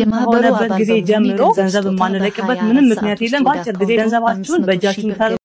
የማህበረሰብ አባል ጊዜ ጀምሮ ገንዘብ የማንለቅበት ምንም ምክንያት የለም። በአጭር ጊዜ ገንዘባችሁን በእጃችሁ